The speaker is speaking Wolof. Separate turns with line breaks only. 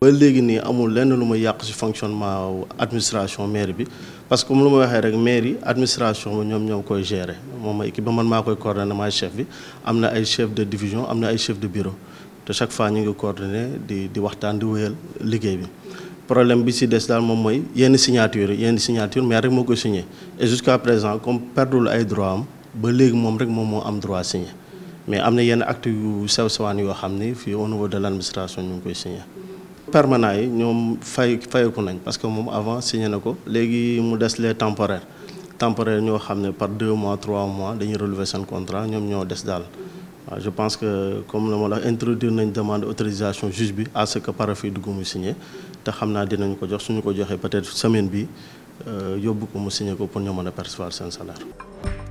ba léegi nii amul lenn lu ma yàq ci fonctionnement administration mairie bi parce que comme lu ma waxee rek mairie administration bi ñoom ñoom koy gérer moom ma équipe ba man maa koy coordonné maay chef bi am na ay chef de division am na ay chef de bureau te chaque fois ñu ngi coordonné di di waxtaan di wéyal liggéey bi problème bi ci des daal moom mooy yenn signature yenn signature maire rek moo koy signé et jusqu'à présent comme perdul ay droit am ba léegi moom rek moom moo am droit signé mais am na yenn acte yu sew sewaan yoo xam ni fii au niveau de l' administration ñu ngi koy signé. permanent yi ñoom fay fayeku nañ parce que moom avant signé na ko léegi mu des les temporaires temporaire ñoo xam ne par deux mois trois mois dañuy relever seen contrat ñoom ñoo des daal je pense que comme la ma la introduire nañ demande autorisation juge bi à ce que parafii dugg mu signé te xam naa dinañ ko jox suñu ko joxee peut-être semaine bi euh, yóbbu ko mu signé ko pour ñu mën a percevoir seen salaire